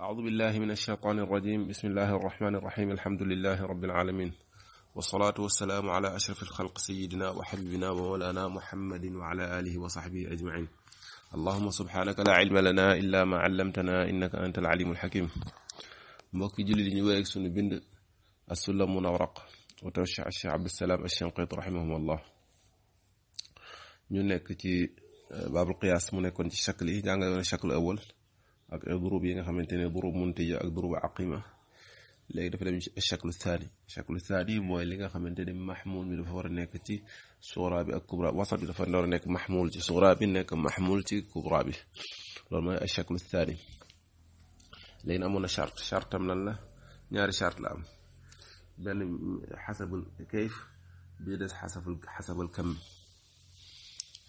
أعوذ بالله من الشيطان الرجيم بسم الله الرحمن الرحيم الحمد لله رب العالمين والصلاة والسلام على أشرف الخلق سيدنا وحبيبنا ومولانا محمد وعلى آله وصحبه أجمعين اللهم سبحانك لا علم لنا إلا ما علمتنا إنك أنت العليم الحكيم موكي جلد di سن بند السلم منورق وتوشع الشيخ عبد السلام cheikh cheikh الله alchinqit آه، باب القياس nekk ci baabul qiyaas mu ak ay durub yi nga xamantene ne durub muntija ak durub aqima léegi dafa dem ci shaklu thani shaklu thani moy li nga xamantene mahmul mi dafa wara nek ci sura bi ak kubra wasat bi dafa war nek mahmul ci sura bi nek mahmul ci kubra bi loolu moy ay chaklu thani léegi amoon na chart chartam lan la ñaari chart la am benn xasabul kayf bii des hasab al kam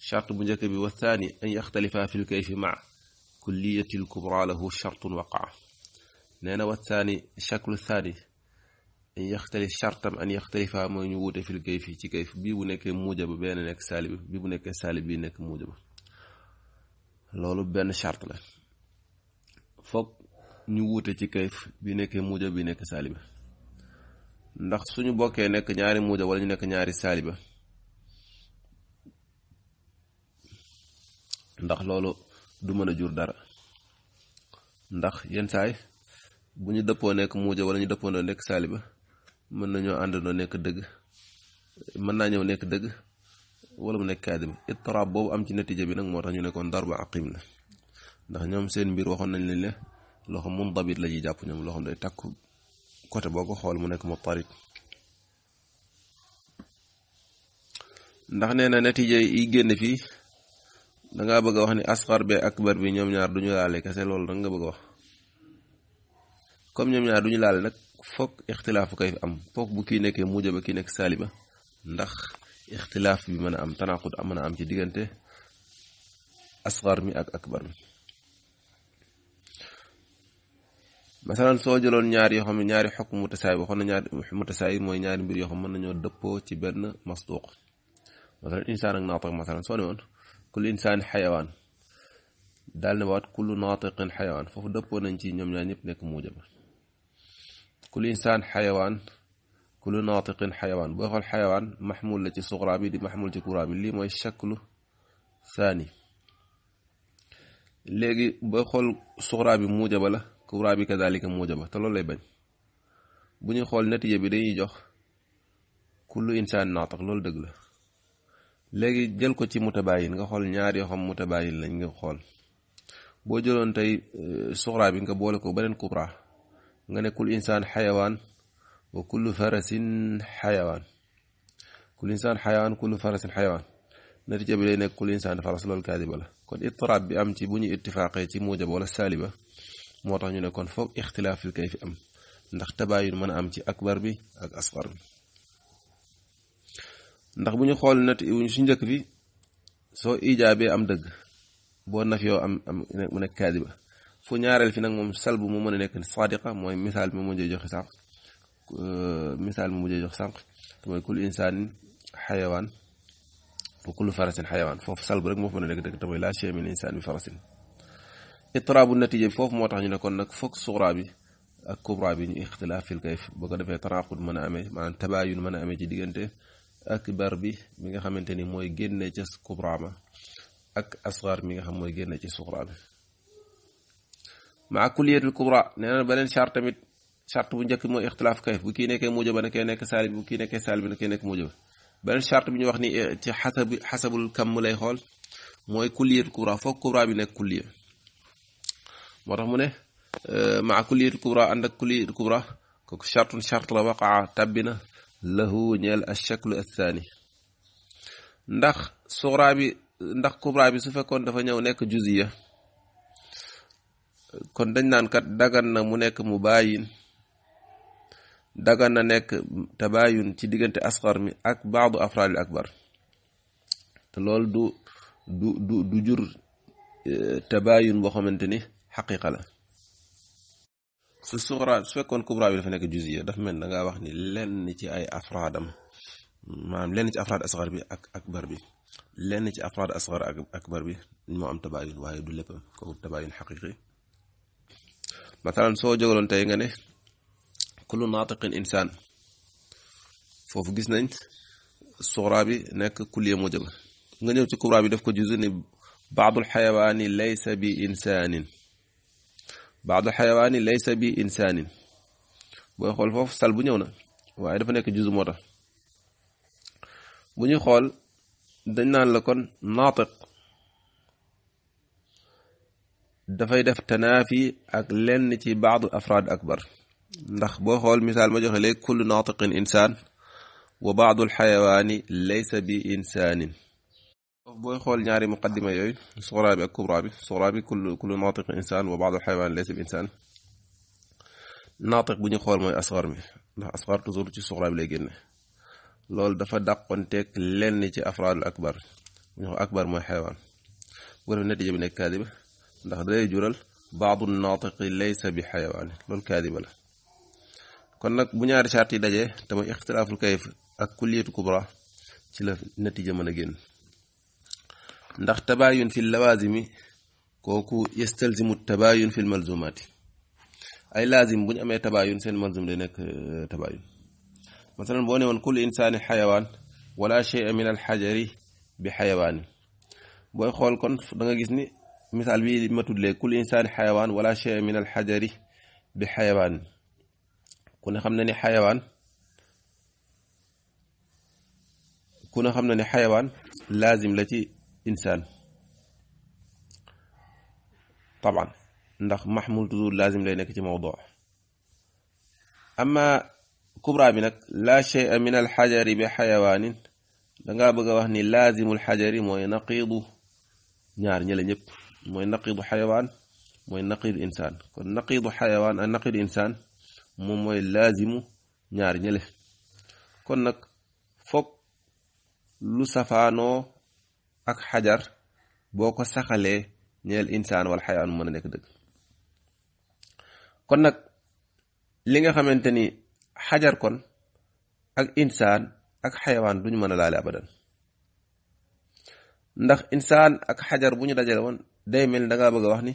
chart bu njëkk bi wa thani an yaxtalifa fi lkayfi maa كلية الكبرى له شرط وقع نانا والثاني الشكل الثاني أن يختلف شرطا أن يختلف من يوجد في الكيف في كيف بيبونك موجب بين نيك سالب بيبونك سالب بينك موجب لولو بين شرط له فوق ñu wuute ci kayf bi nekkee muuja bi nekk saaliba ndax suñu bokkee nekk ñaari muuja wala ñu nekk ñaari saaliba du mën a jur dara ndax yenn saay bu ñu dëppoo nekk muuja wala ñu dëppoo nekk saaliba mën nañoo àndandoo nekk dëgg mën naa ñëw nekk dëgg wala mu nekk kaadiba ittiraab boobu am ci natiija bi nag moo tax ñu nekkoon darba aqim la ndax ñoom seen mbir waxoon nañ leen ne loo xam mundabit la ñuy jàpp ñoom loo xam day takku côté boo ko xool mu nekk mu tarit ndax nee na natiija yi génn fii da bëgg a wax ni asxar be akbar bi ñoom ñaar duñu laale kese loolu da nga bëgg a wax comme ñoom ñaar duñu laale nag foog ixtilaafu kay am foog bu kii nekkee muuja ba kii nekk saaliba ndax ixtilaaf bi mën a am tanaqud mën a am ci diggante asxar mi ak akbar mi masalan soo jëloon ñaar yoo xam ne ñaari xokk mutasaay waxoon na ñaari mutasaay mooy ñaari mbir yoo xam mën nañoo dëppoo ci benn masduq masalan insaan ak naat ak masalan soo ne woon kul insaani xayawaan daal ne waat kullu naatiqin xayawaan foofu dëppoo nañ ci ñoom ñaar ñëpp nekk muujam kul insaan xayawaan kullu naatiqin xayawaan boo xool xayawaan maxmul la ci suqraa bi di maxmul ci kuraa bi lii mooy shaklu saani léegi boo xool suqraa bi muujaba la kuraa bi kadaalika muujaba te loolu lay bañ bu ñuy xool natiija bi dañuy jox kullu insaan naatiq loolu dëgg la legi jël ko ci mutabayin nga xol ñaar yo xam mutabayin lañ nga xol bo jëlon tay suxraa bi nga bolé ko benen kubra nga ne kul insan hayawan wa kul farasin hayawan kul insan hayawan kul farasin hayawan natija bi lay nek kul insan faras lol kadiba la kon ittirab bi am ci buñu ittifaqé ci mujab wala saliba motax ñu ne kon foog ixtilaafil kay fi am ndax tabayun mëna am ci akbar bi ak asghar ndax buñu ñu xool nat su njëkk bi soo ijaabee am dëgg boo naf yoo am am mu nekk kaadiba fu ñaareel fi nag moom salbu mu mën a nekk sadiqa mooy misaal bi mu mujjee joxe sànq misaal bi mu mujjee joxe sànq mooy kul insaanin xayawaan wa kul farasin xayawaan foofu salbu rek moo fa mën a nekk dëgg te mooy laa chee insaan bi farasin itraabu natija bi foofu moo tax ñu ne kon nag foog suxraa bi ak kubra bi ñu ixtilaaf fil kayf bu ko defee tanaaqud mën a amee maanaam tabaayun mën a amee ci diggante akbar bi mi nga xamanteni moy génne ci kubra ma ak asghar mi nga xam moy génne ci sughra bi ma maa al kubra neena na charte tamit charte bu ñëk mooy ikhtilaf kayf bu ki nekké mujj nekké ne kee nekk saalib bu ki nekké salib nekké kee nekk mujj ba charte bi ñu wax ni ci hasab hasabul kam lay xol moy mooy al kubra fok kubra bi nekk kulliya motax mu ne maa kulliyatul kubra ànd ak kulliyatul kubra kooku chartun charte la waqaa tabbina lahu ñeel achaklu athaani ndax suxraa bi ndax kubra bi su fekkoon dafa ñëw nekk juziya kon dañ naan kat dagan na mu nekk mu bàyyin dagan na nekk tabayun ci diggante asxar mi ak baadu afraadil akbar te loolu du du du du jur eh, tabayun boo xamante ni xaqiqa la su suxraa su fekkoon kubra bi dafa nekk juziya dafa mel da ngaa wax ni lenn ci ay afraadam maanaam lenn ci afraad asxar bi ak akbar bi lenn ci afraad asxar moo am tabaayun waaye du léppam kooku tabaayun xaqiqi matalan soo jógaloon tey nga ne gis nañ bi nekk kulliya moo jóg nga ci kubra bi def ko juzu ni baadul xayawaani laysa bi insaanin بعض الحيوان ليس بإنسان بو خول فوف سال بو نيونا واي دا فا نيك جوز موتا بو ني خول دنان لا كون ناطق دا فاي داف تنافي اك لين تي بعض الافراد اكبر ندخ بو خول مثال ما جوخ لي كل ناطق انسان وبعض الحيوان ليس بإنسان بوي خول نياري مقدمة يوي صغرى بي كبرى بي صغرى بي كل كل ناطق إنسان وبعض الحيوان ليس بإنسان ناطق بني خول موي أصغر مي ده أصغر تزور تي صغرى بي لجنة لول دفا داقون تيك لين تي أفراد الأكبر بني أكبر موي حيوان بقول نتيجة بني كاذبة ده دي جورل بعض الناطق ليس بحيوان لول كاذبة لا كون نك بو نياري شارتي داجي تما اختلاف الكيف اك كليه كبرى تي لا نتيجه مانا ген ndax tabayun fi lawazimi kooku yastalzimu tabayun fi lmalzumaati ay laazim bu ñu amee tabayun seen malzum day nekk tabayun masalan boo ne woon kul insaani xayawaan wala cheya min alxajari bi xayawaani booy xool kon da nga gis ni misaal bi ma tuddee kul insaani xayawaan wala cheya min alxajari bi xayawaani ku ne xam na ni xayawaan ku ne xam na ni xayawaan laazim la ci انسان طبعا ندخ محمول تزول لازم لينك في موضوع اما كبرى منك لا شيء من الحجر بحيوان دغا بغا وخني لازم الحجر مو نقيض نيار نيل نيب مو نقيض حيوان مو نقيض انسان كن نقيض حيوان النقيض انسان مو مو لازم نيار نيل كن نك فوك لو سفانو ak xajar boo ko saxalee ñeel insaan wala xayawaan mën a nekk dëgg kon nag li nga xamante ni xajar kon ak insaan ak xayawaan duñu mën a laale abadan ndax insaan ak xajar bu ñu dajale woon day mel ni danga bëgg a wax ni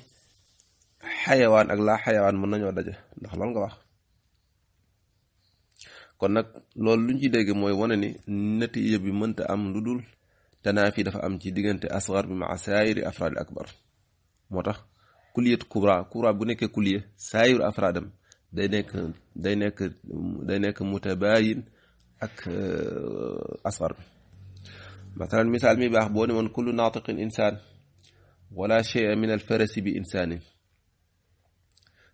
xayawaan ak laa xayawaan mën nañoo daje ndax loolu nga wax kon nag loolu lu ñu dégg mooy wane ni nati yëpp mënta am lu dul تنافي دفع أم تيدين أصغر بمع سائر أفراد الأكبر موتا كلية كبرى كبرى بنك كلية سائر أفراد دينك دينك دينك متباين أك أصغر مثلا مثال مي بأخبوني من كل ناطق إنسان ولا شيء من الفرس بإنسان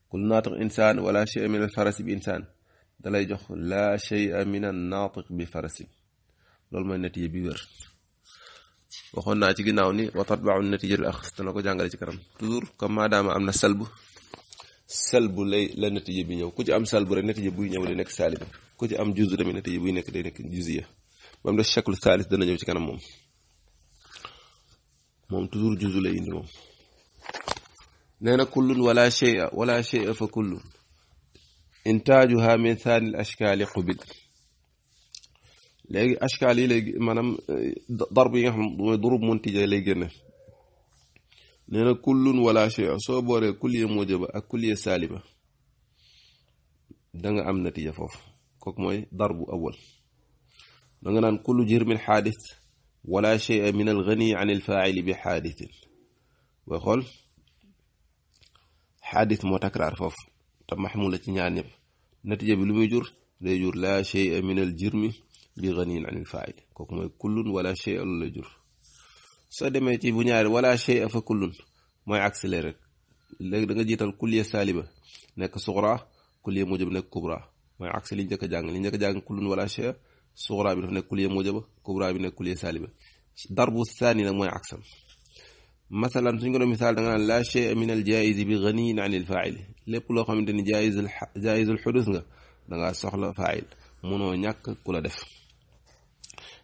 كل ناطق إنسان ولا شيء من الفرس بإنسان دلائجه لا شيء من الناطق بفرس لول ما نتيجة بيور waxoon naa ci ginnaaw ni wa tatbau natijatul axs dana ko jàngale ci kanam toujours comme maadaama am na salbu salbu lay la natija bi ñëw ku ci am salbu rek natija buy ñëw day nekk saaliba ku ci am juzu tamit natija buy nekk day nekk juziya ba mu des chaklu saalis dana ñëw ci kanam moom moom toujours juzu lay indi moom nee na kullun wala shay'a wala shay'a fa kullun intaajuha min thani al ashkaali qubil léegi ashkaal yi léegi maanaam darb yi nga xam mooy durub muntija lay génne nee na kullun wala shay'a soo booree kulliya mujaba ak kulliya saaliba da nga am natija foofu kooku mooy darbu awal da nga naan kullu jirmin xaadis wala shay'a min algani an alfaili bi xaadisin booy xool xaadis moo takraar foofu te maxmula ci ñaar ñëpp natija bi lu muy jur day jur laa shay'a min al jirmi بغنين عن الفاعل kooku mooy kullun wala shay a la jur soo demee ci bu ñaari wala shay a fa kullun mooy aksile rek léegi da nga jiital kulliya saaliba nekk suxra kulliya mujaba nekk kubra mooy aksi li njëkk a jàng li njëkk a jàng kullun wala shay a suxra bi dafa nekk kulliya mujaba kubra bi nekk kulliya saaliba darbu saani nag mooy aksam مثلا تنقول مثال دعنا لا شيء من الجائز بغني عن الفاعل لب لو خمدني جائز الح... جائز الحدوث دعنا سخل فاعل منو نك كل دف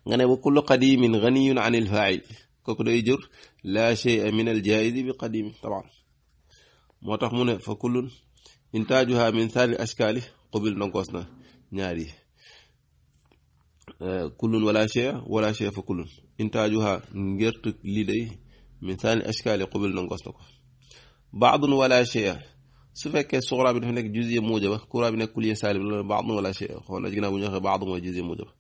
غني وكل قديم غني عن الفاعل كوك دوي جور لا شيء من الجائز بقديم طبعا موتاخ مون فكل انتاجها من ثاني الاشكال قبل نقصنا نياري كل ولا شيء ولا شيء فكل انتاجها غيرت لي من ثاني الاشكال قبل نقصنا بعض ولا شيء su fekkee suxraa bi هناك nekk jusier mujaba kuraa bi nekk kulie salib la bad wala chey xool na ginaa bu ñu waxee bad mooy jusier mujaba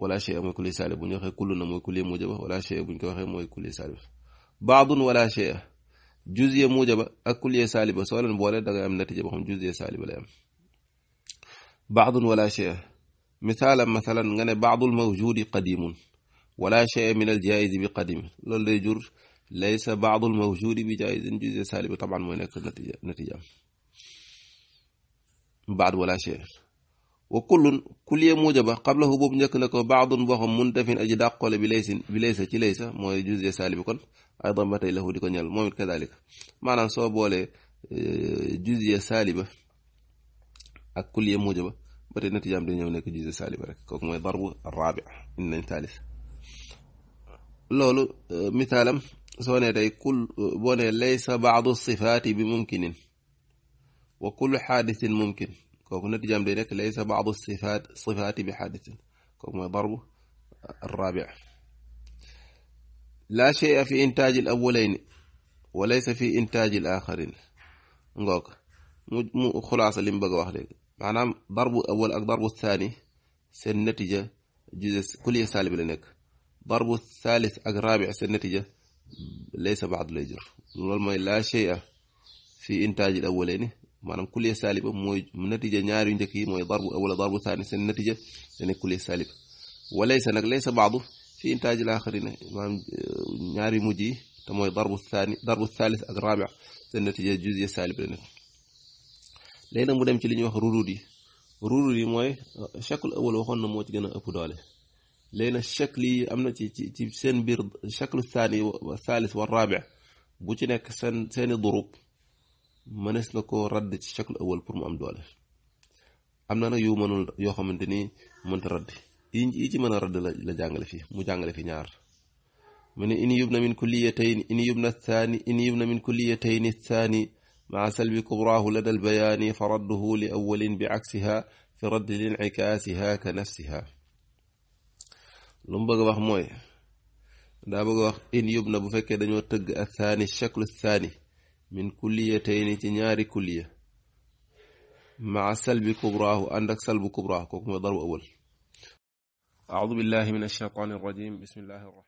ولا شيء موي كولي سالب بو نخه كلنا موي كولي موجب ولا شيء بو نخه موي كولي سالب بعض ولا شيء جزئ موجب اكل يا سالب سولا بولا دا ام نتيجه بخم جزئ سالب لا بعض ولا شيء مثالا مثلا غني يعني بعض الموجود قديم ولا شيء من الجائز بقديم لول لي جور ليس بعض الموجود بجائز جزئ سالب طبعا موي نتيجه نتيجه بعد ولا شيء وكل كل موجبة قبل هبوب نيك نكو بعض وهم منتف اجي داقول بليس بليس تي ليس موي جزء سالب كون ايضا متى له ديكو نيال مومي كذلك معنام سو بولي جزء سالبة ak kulliye mujaba ba tey natijaam day ñëw nekk juse saaliba rek kooku mooy darbu raabi in nañ taalis loolu misaalam soo nee tey kul boo nee laysa baadu sifaati bi mumkinin wa kullu xaadisin mumkin kooku natiijaam day ليس بعض الصفات صفات بحادث bi xaadisin الرابع لا شيء في إنتاج الأولين وليس في إنتاج الآخرين نقول مو خلاصة اللي مبقى واحد معناه ضرب أول ضرب الثاني سن النتيجة جزء كل سالب لنك ضرب الثالث الرابع سن النتيجة ليس بعض الأجر لا شيء في إنتاج الأولين maanaam kulee saaliba mooy natija ñaari njëkk yi mooy darbu wala darbu saani seen natija dana kulee saaliba walaysa nag laysa baadu fi intaaj l axarina maanaam ñaari mujj yi te mooy darbu saani darbu saalis ak raabi seen natija jusiya saaliba la nekk léegi nag mu dem ci li ñuy wax ruruud yi ruruud yi mooy chakl awal waxoon na moo ci gën a ëpp doole léegi nag chakl yi am na ci ci ci seen biir chaklu saani saalis wa raabi bu ci nekk seen seeni durub mënees na ko radd ci chaklu awal pour mu am doole am na nag yu mënul yoo xamante ni mënta radd yi ci mën a radd la la jàngale fi mu jàngale fi ñaar mu ne in yubna min kulliyatayn in yubna thaani in yubna min kulliyatayn thaani مع سلب كبراه لدى البيان فرده لأول بعكسها في رد لانعكاسها كنفسها لم بغا واخ موي دا بغا واخ ان يبنى بو فكه دانيو تغ الثاني الشكل الثاني من كليتين تنياري كلية مع سلب كبراه عندك سلب كبراه كوكما ضرب أول أعوذ بالله من الشيطان الرجيم بسم الله الرحمن